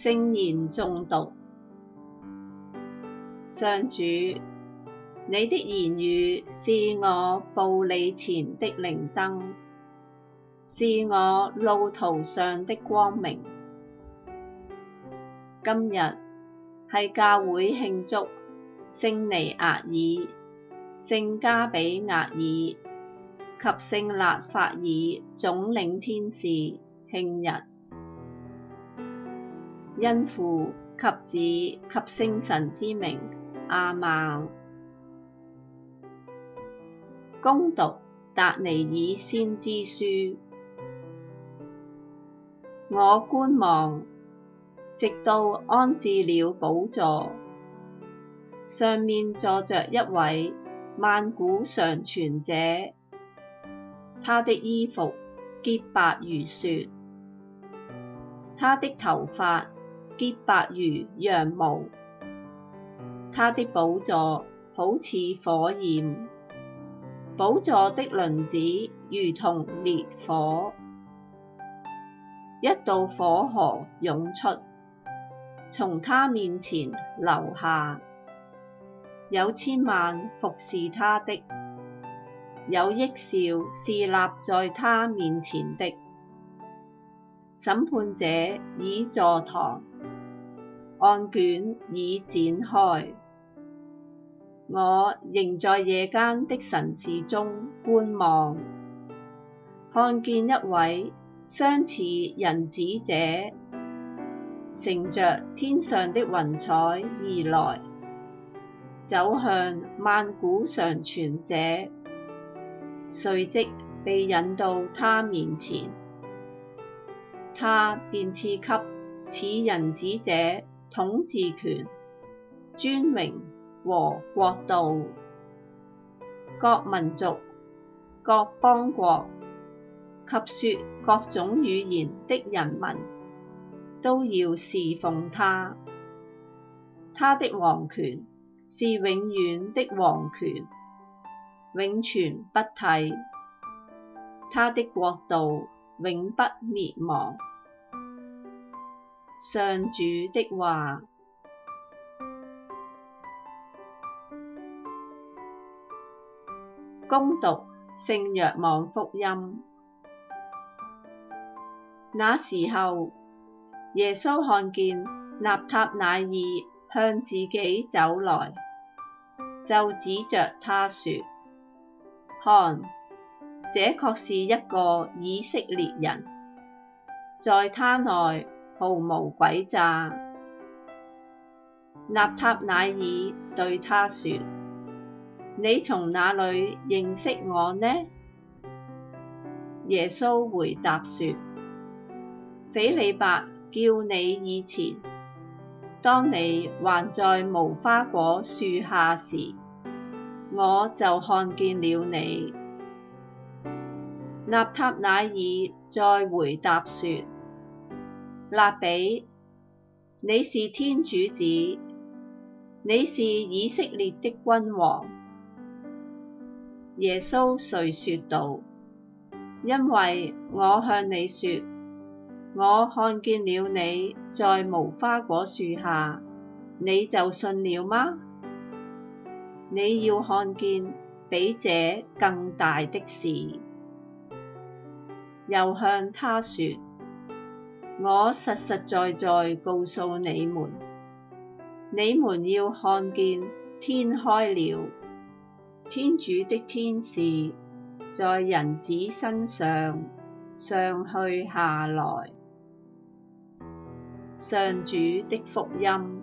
聖言中毒，上主，你的言語是我步履前的靈燈，是我路途上的光明。今日係教會慶祝聖彌額爾、聖加俾額爾及聖辣法耳總領天使慶日。因父及子及聖神之名，阿孟，恭讀達尼爾先知書。我觀望，直到安置了寶座，上面坐着一位萬古常存者，他的衣服潔白如雪，他的頭髮，潔白如羊毛，他的寶座好似火焰，寶座的輪子如同烈火，一道火河湧，湧出，從他面前流下。有千萬服侍他的，有億兆侍立在他面前的，審判者已坐堂。案卷已展開，我仍在夜間的神視中觀望，看見一位相似人子者乘着天上的雲彩而來，走向萬古常存者，遂即被引到他面前，他便賜給似人子者。統治權、尊榮和國度，各民族、各邦國及說各種語言的人民，都要事奉他。他的王權是永遠的王權，永存不替。他的國度永不滅亡。上主的話，恭讀聖若望福音。那時候，耶穌看見納塔乃耳向自己走來，就指着他說：看，這確是一個以色列人，在他內。毫無詭詐。納塔乃耳對他說：你從哪裏認識我呢？耶穌回答說：斐理伯叫你以前，當你還在無花果樹下時，我就看見了你。納塔乃耳再回答說。辣彼，你是天主子，你是以色列的君王。耶穌遂說道：因為我向你說，我看見了你在無花果樹下，你就信了嗎？你要看見比這更大的事。又向他說。我實實在在告訴你們，你們要看見天開了，天主的天使在人子身上上去下來，上主的福音。